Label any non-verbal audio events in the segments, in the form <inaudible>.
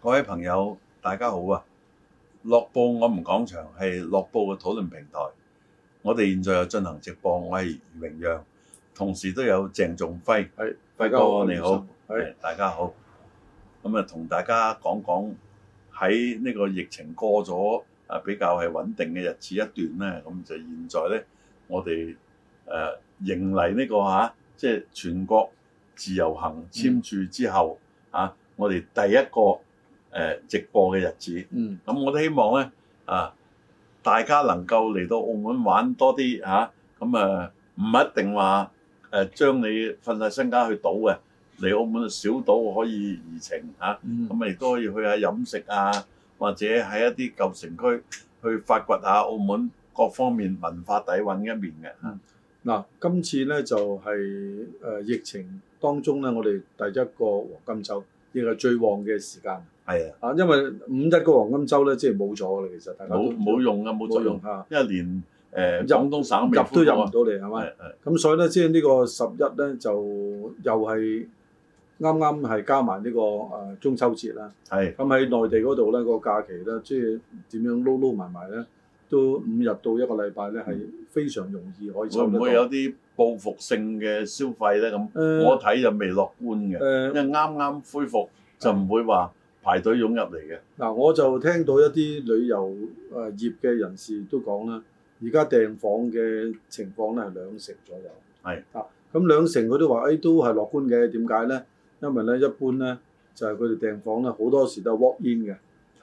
各位朋友，大家好啊！樂報我們講場，係樂報嘅討論平台。我哋現在又進行直播，我係余榮陽，同時都有鄭仲輝，係輝哥你好，係大家好。咁啊，同的大家講講喺呢個疫情過咗啊，比較係穩定嘅日子一段呢。咁就現在呢，我哋誒。呃迎嚟呢、這個嚇、啊，即係全國自由行簽注之後、嗯、啊！我哋第一個誒、呃、直播嘅日子，咁、嗯、我都希望咧啊，大家能夠嚟到澳門玩多啲嚇。咁啊，唔、啊啊、一定話誒、啊、將你瞓晒身家去賭嘅，嚟澳門小賭可以怡情嚇。咁亦都可以去下飲食啊，或者喺一啲舊城區去發掘下澳門各方面文化底蘊一面嘅。啊嗯嗱，今次咧就係、是、誒疫情當中咧，我哋第一個黃金週亦係最旺嘅時間。係啊的，啊因為五一個黃金週咧，即係冇咗啦，其實大家都冇冇用嘅、啊，冇作用，因為連誒廣東省入，入都入唔到嚟，係咪？咁所以咧，即係呢個十一咧，就又係啱啱係加埋呢個誒中秋節啦。係的。咁喺內地嗰度咧，個假期咧，即係點樣撈撈埋埋咧？都五日到一個禮拜咧，係非常容易可以到。會唔會有啲報復性嘅消費咧？咁、呃、我睇就未樂觀嘅。呃、因為誒啱啱恢復是的 就唔會話排隊湧入嚟嘅。嗱，我就聽到一啲旅遊誒業嘅人士都講啦，而家訂房嘅情況咧係兩成左右。係是的 啊，咁兩成佢都話誒、哎、都係樂觀嘅，點解咧？因為咧一般咧就係佢哋訂房咧好多時都 walk in 嘅。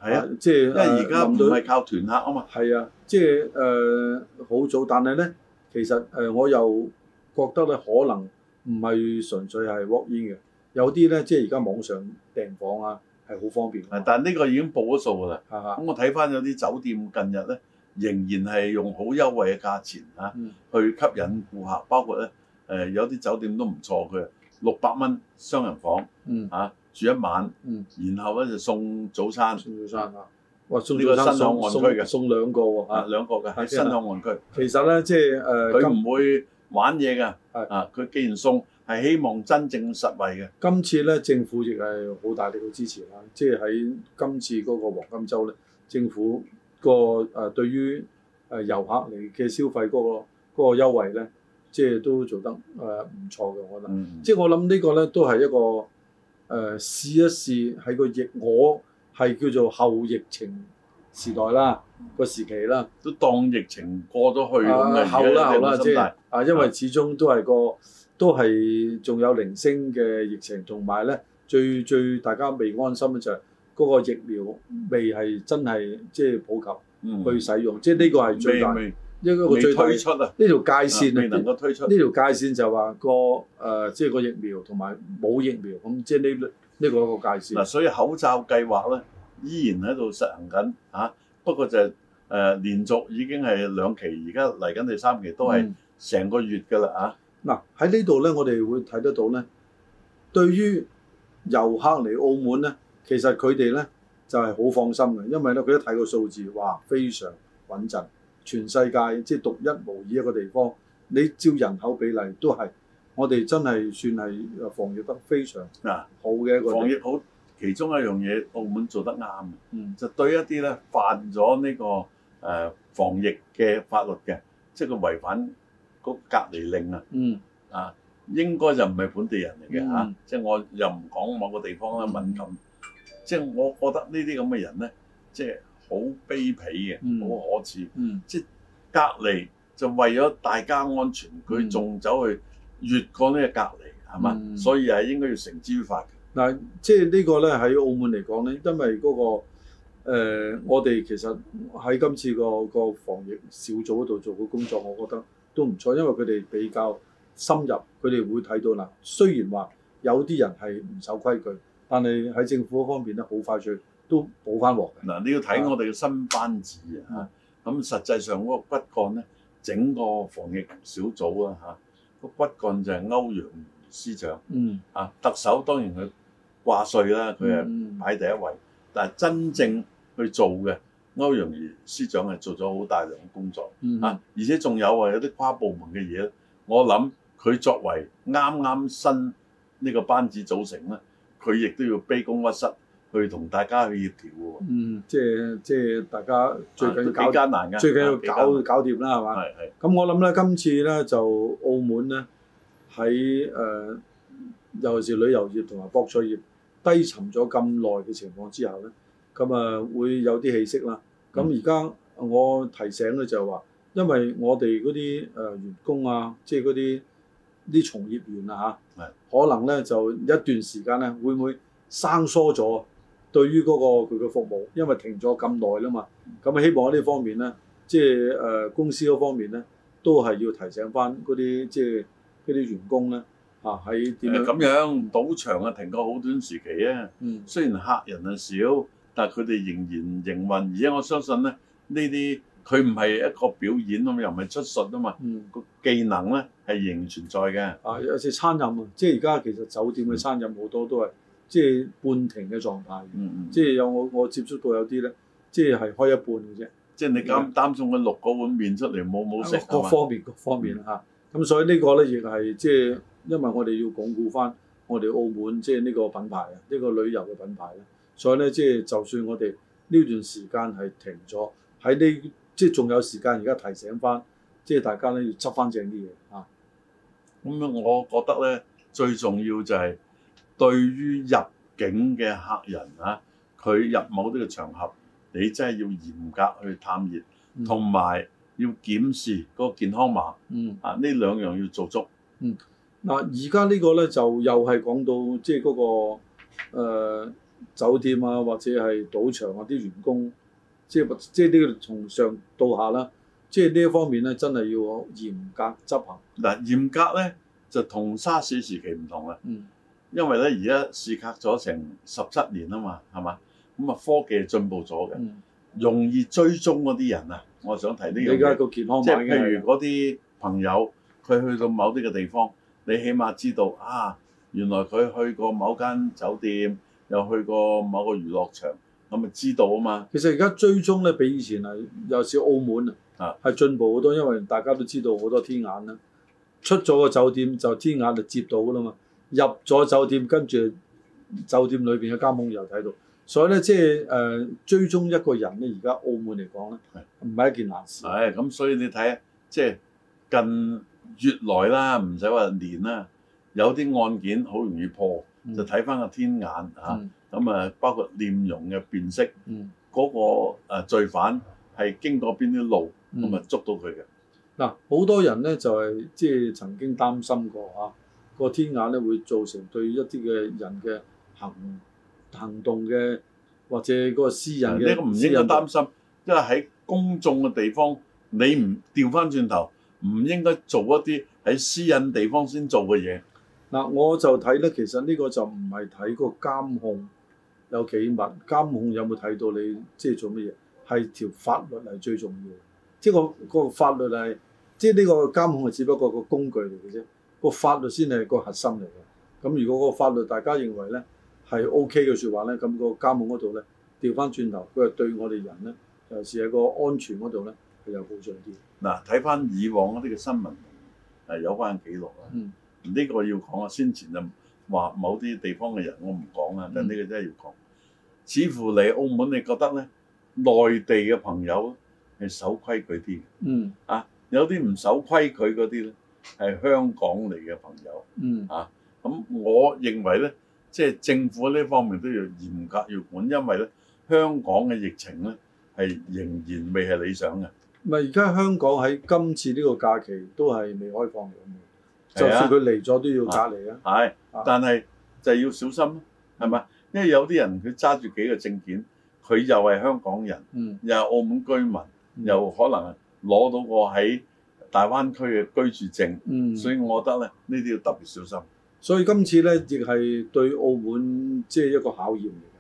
係啊，即係、呃、因為而家唔係靠團客啊嘛。係對啊，即係誒好早，但係咧，其實誒、呃、我又覺得咧，可能唔係純粹係 walk in 嘅，有啲咧即係而家網上訂房啊，係好方便。係，但係呢個已經報咗數㗎啦。咁、啊、我睇翻有啲酒店近日咧，仍然係用好優惠嘅價錢嚇、啊嗯、去吸引顧客，包括咧誒、呃、有啲酒店都唔錯，嘅，六百蚊雙人房嚇。啊嗯住一晚，嗯，然後咧就送早餐，嗯、送早餐啊！哇，送早餐喎，送送兩個喎、哦，啊，兩個嘅，喺、啊、新口岸區。其實咧，即係誒，佢、呃、唔會玩嘢㗎，今啊，佢既然送，係希望真正實惠嘅。今次咧，政府亦係好大力嘅支持啦，即係喺今次嗰個黃金週咧，政府、呃於遊那個誒對於誒遊客嚟嘅消費嗰個嗰個優惠咧，即、就、係、是、都做得誒唔錯嘅，我覺得。即係我諗呢個咧都係一個。嗯誒試、呃、一試喺個疫我係叫做後疫情時代啦， <noise> 個時期啦，都當疫情過咗去咁嘅。後啦後啦，即係啊，因為始終都係個都係仲有零星嘅疫情，同埋咧最最大家未安心嘅就係嗰個疫苗未係真係即係普及去使用，嗯、即係呢個係最大。嗯一個未推出啊！呢條界線啊，未能夠推出。呢條界線就話個誒，即、呃、係、就是、個疫苗同埋冇疫苗咁，即係呢呢個一個界線。嗱、嗯，所以口罩計劃咧，依然喺度實行緊啊！不過就係、是、誒、呃、連續已經係兩期，而家嚟緊第三期都係成個月㗎啦啊！嗱、嗯，喺呢度咧，我哋會睇得到咧，對於遊客嚟澳門咧，其實佢哋咧就係、是、好放心嘅，因為咧佢一睇個數字，哇，非常穩陣。全世界即係獨一無二一個地方，你照人口比例都係，我哋真係算係防疫得非常嗱好嘅一個地方啊。防疫好，其中一樣嘢澳門做得啱，嗯，就對一啲咧犯咗呢、呢個誒、呃、防疫嘅法律嘅，即係佢違反嗰隔離令啊，嗯啊，應該就唔係本地人嚟嘅嚇，即係我又唔講某個地方咧敏感，即係我覺得呢啲咁嘅人咧，即係。好卑鄙嘅，好、嗯、可恥，嗯、即係隔離就為咗大家安全，佢仲、嗯、走去越過呢個隔離，係嘛、嗯？所以係應該要承擔於法嘅。嗱、嗯，即係呢個咧喺澳門嚟講咧，因為嗰、嗰個、呃嗯、我哋其實喺今次個個防疫小組嗰度做嘅工作，我覺得都唔錯，因為佢哋比較深入，佢哋會睇到嗱。雖然話有啲人係唔守規矩，但係喺政府方面咧，好快脆，都補翻落嘅嗱，你要睇我哋嘅新班子的啊，咁實際上嗰個骨幹咧，整個防疫小組啊嚇，個骨幹就係歐陽瑜司長，嗯啊，特首當然佢掛帥啦，佢係擺第一位，嗯、但係真正去做嘅、嗯、歐陽瑜司長係做咗好大量嘅工作，嗯、啊，而且仲有啊，有啲跨部門嘅嘢，我諗佢作為啱啱新呢個班子組成咧，佢亦都要卑躬屈膝。去同大家去協調喎，嗯，即係即係大家最緊要幾艱難㗎，最緊要搞、啊、搞掂啦，係嘛？係係。咁我諗咧，今次咧就澳門咧喺誒，尤其是旅遊業同埋博彩業低沉咗咁耐嘅情況之下咧，咁啊會有啲氣息啦。咁而家我提醒咧就係話，因為我哋嗰啲誒員工啊，即係嗰啲啲從業員啊嚇，係、啊、可能咧就一段時間咧會唔會生疏咗？對於嗰、那個佢嘅服務，因為停咗咁耐啦嘛，咁、嗯、希望喺呢方面咧，即係誒公司嗰方面咧，都係要提醒翻嗰啲即係啲員工咧，嚇喺點樣？咁、啊、樣，賭場啊停過好短時期啊，嗯、雖然客人啊少，但係佢哋仍然營運，而且我相信咧，呢啲佢唔係一個表演啊嘛，又唔係出術啊嘛，個技能咧係仍然存在嘅。啊，有時餐飲啊，即係而家其實酒店嘅餐飲好多都係。即係半停嘅狀態，嗯嗯即係有我我接觸到有啲呢，即係係開一半嘅啫。即係你咁擔，為擔心佢淥嗰碗麵出嚟冇冇食，各方面各方面嚇，咁、嗯啊、所以呢個呢，亦係即係，因為我哋要鞏固翻我哋澳門即係呢個品牌啊，呢、呢個旅遊嘅品牌咧。所以呢，即係就算我哋呢段時間係停咗，喺呢即係仲有時間，而家提醒翻，即係大家呢要執翻正啲嘢嚇。咁、啊、我覺得呢，最重要就係。對於入境嘅客人啊，佢入某啲嘅場合，你真係要嚴格去探熱，同埋、嗯、要檢視嗰個健康碼。嗯，啊呢兩樣要做足。嗯，嗱而家呢個咧就又係講到即係嗰個、呃、酒店啊，或者係賭場啊啲員工，即係即係呢個從上到下啦，即係呢一方面咧真係要嚴格執行。嗱，嚴格咧就同沙士時期唔同啦。嗯。因為咧，而家時隔咗成十七年啊嘛，係嘛？咁啊，科技進步咗嘅，嗯、容易追蹤嗰啲人啊，我想提呢樣。而家個健康碼即係譬如嗰啲朋友，佢去到某啲嘅地方，你起碼知道啊，原來佢去過某間酒店，又去過某個娛樂場，咁啊知道啊嘛。其實而家追蹤咧，比以前係尤其是澳門啊，係進步好多，因為大家都知道好多天眼啦，出咗個酒店就天眼就接到啦嘛。入咗酒店，跟住酒店裏邊嘅監控又睇到，所以咧即係誒追蹤一個人咧，而家澳門嚟講咧，唔係是一件難事。係咁，所以你睇即係近月來啦，唔使話年啦，有啲案件好容易破，嗯、就睇翻個天眼嚇，咁啊、嗯、包括臉容嘅辨識，嗰、嗯、個罪犯係經過邊啲路，咁咪、嗯、捉到佢嘅。嗱、嗯，好多人咧就係、是、即係曾經擔心過啊。個天眼咧會造成對一啲嘅人嘅行行動嘅，或者個私人嘅，呢個唔應該擔心。因為係喺公眾嘅地方，你唔調翻轉頭，唔應該做一啲喺私隱地方先做嘅嘢。嗱，我就睇咧，其實呢個就唔係睇個監控有幾密，監控有冇睇到你即係做乜嘢，係條法律係最重要。即係個個法律係，即係呢個監控係只不過個工具嚟嘅啫。個法律先係個核心嚟嘅，咁如果個法律大家認為咧係 O K 嘅説話咧，咁個監控嗰度咧調翻轉頭，佢係對我哋人咧，尤其是係個安全嗰度咧，係有保障啲。嗱，睇翻以往嗰啲嘅新聞，係有關記錄啊。嗯，呢個要講啊，先前就話某啲地方嘅人，我唔講啊，但呢個真係要講。嗯、似乎嚟澳門，你覺得咧，內地嘅朋友係守規矩啲。嗯。啊，有啲唔守規矩嗰啲咧。係香港嚟嘅朋友，嗯啊，咁我認為咧，即係政府呢方面都要嚴格要管，因為咧香港嘅疫情咧係仍然未係理想嘅。唔係而家香港喺今次呢個假期都係未開放嘅，就算佢嚟咗都要隔離啊。係，但係就係要小心咯，係咪？因為有啲人佢揸住幾個證件，佢又係香港人，嗯，又係澳門居民，又可能攞到個喺，大灣區嘅居住證，嗯、所以我覺得咧呢啲要特別小心。所以今次呢，亦係對澳門即係一個考驗嚟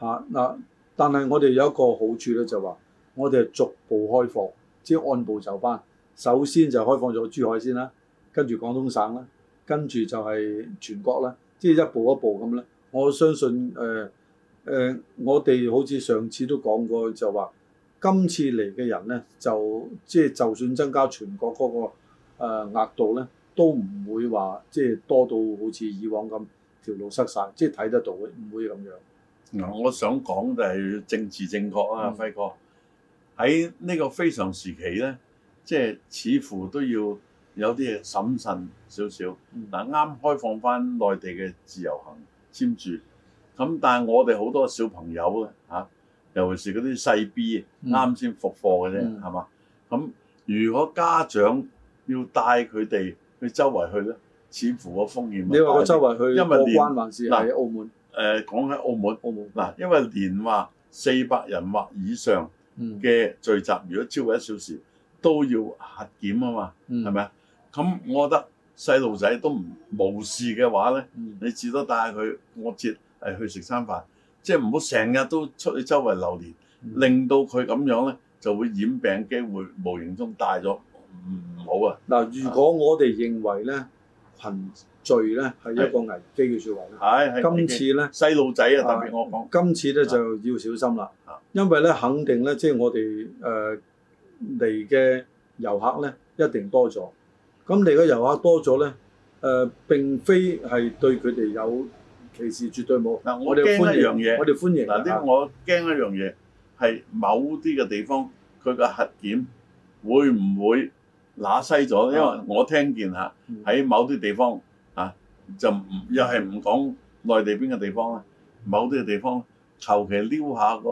嘅嗱。但係我哋有一個好處呢，就話我哋逐步開放，即係按部就班。首先就開放咗珠海先啦，跟住廣東省啦，跟住就係全國啦，即係一步一步咁啦。我相信誒誒、呃呃，我哋好似上次都講過，就話。今次嚟嘅人咧，就即係就算增加全國嗰個誒額度咧，都唔會話即係多到好似以往咁條路塞晒，即係睇得到嘅唔會咁樣。嗱、嗯，我想講就係政治正確啊，嗯、輝哥喺呢個非常時期咧，即係似乎都要有啲嘢審慎少少。嗱、嗯，啱開放翻內地嘅自由行簽住咁，但係我哋好多小朋友咧嚇。啊尤其是嗰啲細 B 啱先、嗯、復課嘅啫，係嘛、嗯？咁如果家長要帶佢哋去周圍去咧，似乎個風險你話我周圍去過關還是係澳門？誒，講喺澳門嗱，嗯、因為連話四百人或以上嘅聚集，如果超過一小時都要核檢啊嘛，係咪啊？咁我覺得細路仔都唔冇事嘅話咧，你至多帶佢，我接誒去食餐飯，飯。即係唔好成日都出去周圍流連，嗯、令到佢咁樣咧，就會染病機會無形中大咗，唔好啊！嗱，如果我哋認為咧群聚咧係一個危機嘅説話咧，今次咧細路仔啊，特別我講，今次咧就要小心啦，因為咧肯定咧，即係我哋誒嚟嘅遊客咧一定多咗，咁嚟嘅遊客多咗咧，誒、呃、並非係對佢哋有。其事絕對冇嗱，我驚一樣嘢，我哋歡迎嗱呢個，我驚一樣嘢係某啲嘅地方，佢個核檢會唔會揦西咗？因為我聽見嚇喺、嗯、某啲地方嚇、啊、就唔又係唔講內地邊嘅地方啦，嗯、某啲嘅地方求其撩下、個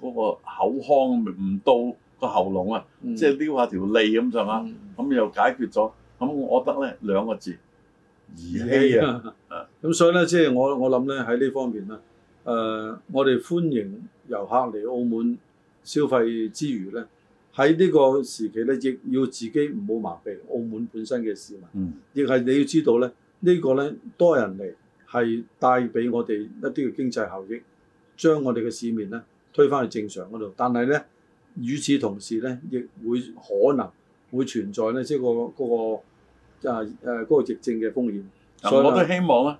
嗰、嗯、口腔唔到個喉嚨啊，即係撩下條脷咁就啊，咁、嗯、又解決咗，咁我覺得咧兩個字。兒戲啊！咁 <laughs> 所以呢，即係我我諗呢喺呢方面呢，誒、呃，我哋歡迎遊客嚟澳門消費之餘呢，喺呢個時期呢，亦要自己唔好麻痹澳門本身嘅市民。亦係、嗯、你要知道呢，呢、這個呢多人嚟係帶俾我哋一啲嘅經濟效益，將我哋嘅市面呢推返去正常嗰度。但係呢，與此同時呢，亦會可能會存在呢，即係個嗰個。個個就誒嗰個疫症嘅風險，所以我都希望咧，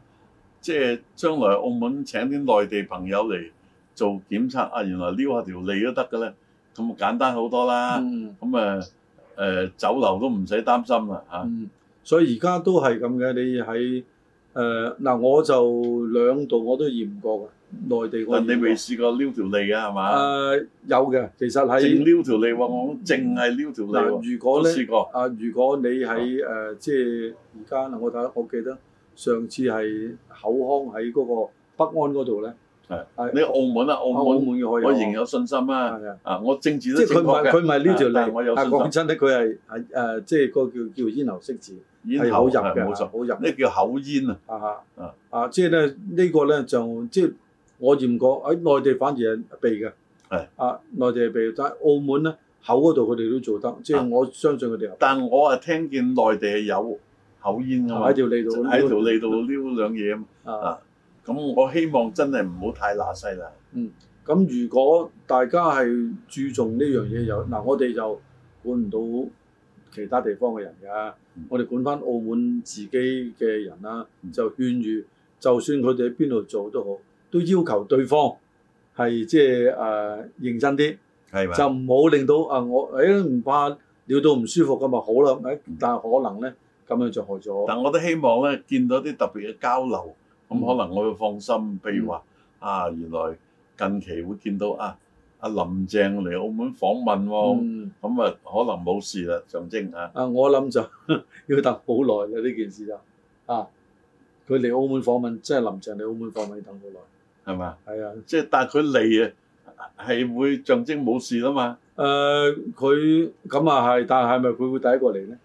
即係將來澳門請啲內地朋友嚟做檢測啊，原來撩下條脷都得㗎咧，咁咪簡單好多啦。咁誒誒，酒樓都唔使擔心啦嚇。嗯啊、所以而家都係咁嘅，你喺誒嗱，我就兩度我都驗過㗎，內地我。但你未試過撩條脷㗎係嘛？誒有嘅，其實係。淨撩條脷喎，我淨係撩條脷。如果咧，啊，如果你喺誒，即係而家啦，我睇我記得上次係口腔喺嗰個北安嗰度咧。係。你澳門啊，澳門可以。我仍有信心啊！啊，我政治都正即係佢唔係佢唔係撩條脷，我有。啊，講真咧，佢係係誒，即係個叫叫咽喉拭子。煙口入嘅，冇錯，口入，呢叫口煙啊！啊啊，啊，即係咧呢個咧就即係我驗過喺內地反而係鼻嘅，係啊內地係鼻，但係澳門咧口嗰度佢哋都做得，即係我相信佢哋。但係我啊聽見內地係有口煙㗎嘛，喺條脷度，喺條脷度撩兩嘢啊！咁我希望真係唔好太揦西啦。嗯，咁如果大家係注重呢樣嘢有，嗱，我哋就管唔到。其他地方嘅人㗎，嗯、我哋管翻澳門自己嘅人啦，嗯、就勸喻就算佢哋喺邊度做都好，都要求對方係即係誒認真啲，係嘛？就唔好令到啊、呃、我誒唔、欸、怕撩到唔舒服咁咪好啦，誒但係可能咧咁樣就害咗。但我都希望咧見到啲特別嘅交流，咁、嗯、可能我會放心。譬如話、嗯、啊，原來近期會見到啊。阿林鄭嚟澳門訪問喎，咁啊可能冇事啦，象徵吓。啊，我諗就要等好耐嘅呢件事就啊，佢嚟澳門訪問，即係林鄭嚟澳門訪問，等好耐係咪啊？係啊，即係但係佢嚟啊，係會象徵冇事啊嘛。誒，佢咁啊係，但係咪佢會第一個嚟咧？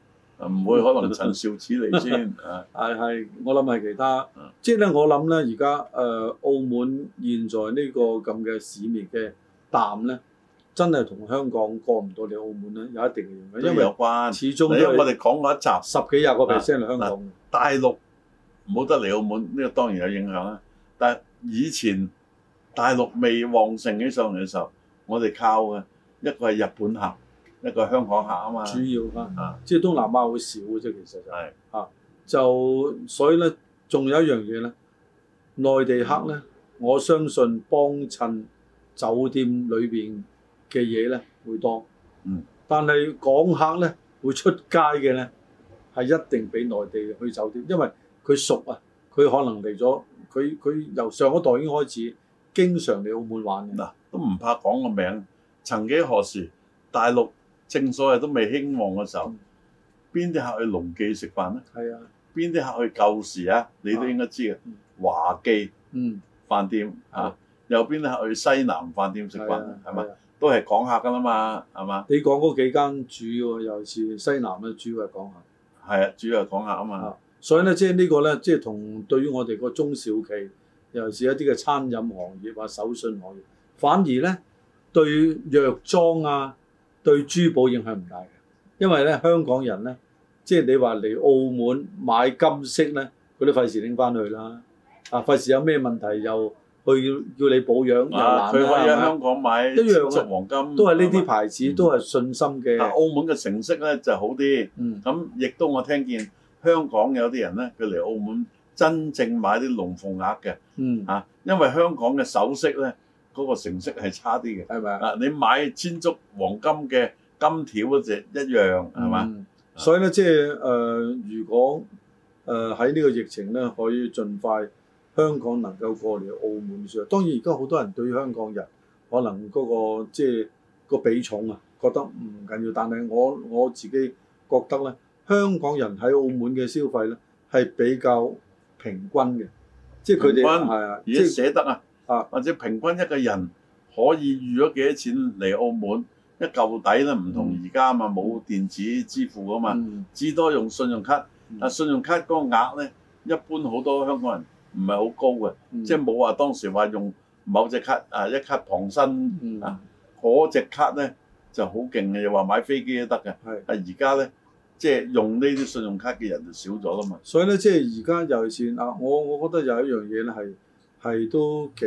唔會，可能陳肇始嚟先啊。係係，我諗係其他。嗯。即係咧，我諗咧，而家誒澳門現在呢個咁嘅市面嘅，淡咧，真係同香港過唔到你澳門咧，有一定嘅影響，有關因為始終因為我哋講過一集十幾廿個 percent 喺香港嘅，大陸冇得嚟澳門，呢、這個當然有影響啦。但係以前大陸未旺盛起上嚟嘅時候，我哋靠嘅一個係日本客，一個係香港客啊嘛，主要啊，即係東南亞好少嘅啫，其實就係、是、是啊，就所以咧，仲有一樣嘢咧，內地客咧，嗯、我相信幫襯。酒店裏邊嘅嘢咧，會多，嗯，但係港客咧會出街嘅咧，係一定比內地去酒店，因為佢熟啊，佢可能嚟咗，佢佢由上一代已經開始經常嚟澳門玩嘅。嗱，都唔怕講個名。曾幾何時，大陸正所謂都未興旺嘅時候，邊啲客去龍記食飯咧？係啊，邊啲客去舊時啊？你都應該知嘅、啊、華記，嗯，飯店啊。右邊咧去西南飯店食飯，係咪？都係港客噶啦嘛，係嘛？你講嗰幾間主要、啊、又是西南嘅主要係港客，係啊，主要係港客啊嘛。所以咧，即係呢個咧，即係同對於我哋個中小企，尤其是一啲嘅餐飲行業或手信行業，反而咧對藥妝啊、對珠寶影響唔大嘅，因為咧香港人咧，即係你話嚟澳門買金飾咧，佢都費事拎翻去啦。啊，費事有咩問題又？佢要叫你保養，佢可以喺香港買一樣啊，千足黃金都係呢啲牌子，都係信心嘅。但係澳門嘅成色咧就好啲。咁亦都我聽見香港有啲人咧，佢嚟澳門真正買啲龍鳳鈪嘅。嚇，因為香港嘅首飾咧嗰個成色係差啲嘅。係咪啊？你買千足黃金嘅金條嗰隻一樣係嘛？所以咧，即係誒，如果誒喺呢個疫情咧，可以盡快，香港能夠過嚟澳門嘅時候，當然而家好多人對香港人可能嗰、嗰個即係、嗰個比重啊，覺得唔緊要。但係我我自己覺得咧，香港人喺澳門嘅消費咧係比較平均嘅，即係佢哋係啊，而且捨得啊，啊或者平均一個人可以預咗幾多錢嚟澳門一舊底啦，唔同而家啊嘛，冇、嗯、電子支付啊嘛，至、嗯、多用信用卡，但、嗯、信用卡嗰個額咧，一般好多香港人。唔係好高嘅，嗯、即係冇話當時話用某隻卡啊一卡傍身啊，嗰隻、嗯、卡咧就好勁嘅，又話買飛機都得嘅。係是，而家咧即係用呢啲信用卡嘅人就少咗啦嘛。所以咧，即係而家尤其是啊，我我覺得有一樣嘢咧係係都幾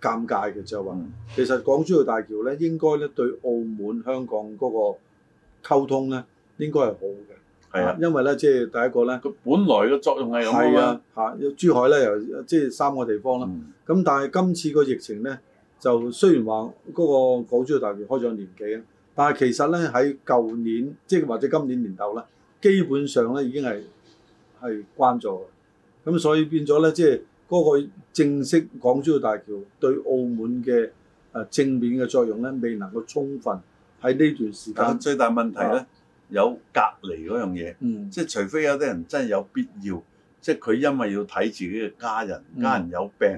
尷尬嘅，就係話其實港珠澳大橋咧，應該咧對澳門香港嗰個溝通咧，應該係好嘅。係啊，因為咧，即係第一個咧，佢本來嘅作用係咁啊嘛。係啊，嚇！珠海咧又即係三個地方啦。咁，嗯，但係今次個疫情咧，就雖然話嗰個港珠澳大橋開咗年幾啦，但係其實咧喺舊年即係或者今年年頭啦，基本上咧已經係係關咗。咁所以變咗咧，即係嗰個正式港珠澳大橋對澳門嘅誒正面嘅作用咧，未能夠充分喺呢段時間。最大問題咧？有隔離嗰樣嘢，嗯、即係除非有啲人真係有必要，即係佢因為要睇自己嘅家人，家人有病，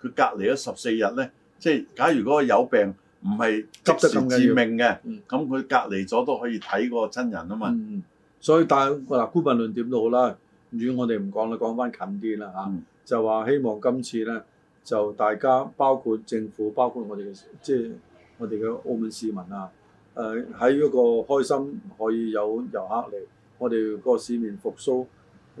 佢、嗯、隔離咗十四日咧，即係假如嗰個有病唔係急得咁致命嘅，咁佢隔離咗都可以睇嗰個親人啊嘛。嗯、所以、嗯嗯、但係嗱，姑勿論點都好啦，遠我哋唔講啦，講翻近啲啦嚇，嗯、就話希望今次咧就大家包括政府、包括我哋嘅即係我哋嘅澳門市民，門市民啊。啊誒喺嗰個開心可以有遊客嚟，我哋個市面復甦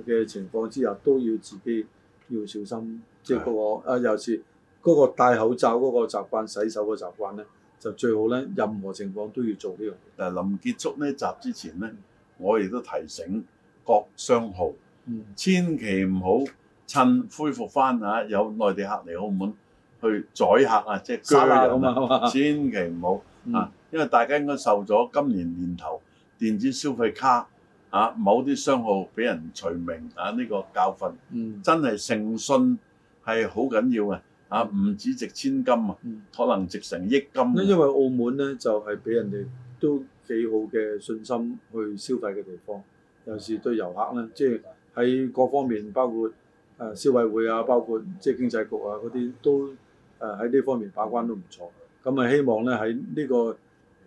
嘅情況之下，都要自己要小心，即係嗰個的啊，尤其嗰個戴口罩嗰個習慣、洗手嘅習慣咧，就最好咧，任何情況都要做呢樣嘢。誒臨結束呢集之前咧，我亦都提醒各商號，嗯、千祈唔好趁恢復翻啊，有內地客嚟澳門去宰客啊，即係鋸人千祈唔好啊！嗯嗯因為大家應該受咗今年年頭電子消費卡啊某啲商號俾人除名啊呢、呢個教訓，嗯、真係誠信係好緊要嘅啊，唔止值千金啊，嗯、可能值成億金。因為澳門呢就係、是、俾人哋都幾好嘅信心去消費嘅地方，尤其是對遊客呢，即係喺各方面包括誒、呃、消委會啊，包括即係經濟局啊嗰啲都誒喺呢方面把關都唔錯。咁啊希望呢喺呢、呢個。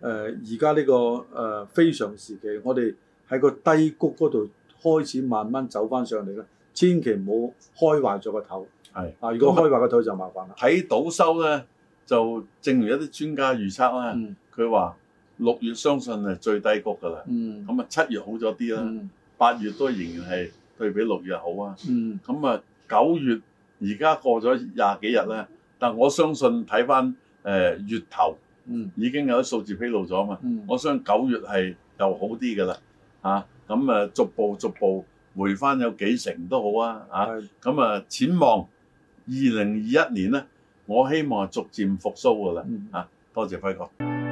誒而家呢個誒、呃、非常時期，我哋喺個低谷嗰度開始慢慢走翻上嚟咧，千祈唔好開壞咗個頭。係的啊，如果開壞個頭就麻煩啦。睇倒收咧，就正如一啲專家預測咧，佢話、嗯、六月相信係最低谷㗎啦。咁啊、嗯，七月好咗啲啦，嗯、八月都仍然係對比六月好啊。咁啊、嗯嗯，九月而家過咗廿幾日咧，但我相信睇翻誒月頭。嗯，已經有啲數字披露咗嘛。嗯、我想九月係又好啲㗎啦，嚇咁誒逐步逐步回翻有幾成都好啊，嚇咁誒。展、啊、望二零二一年咧，我希望逐漸復甦㗎啦，嚇、嗯啊。多謝輝哥。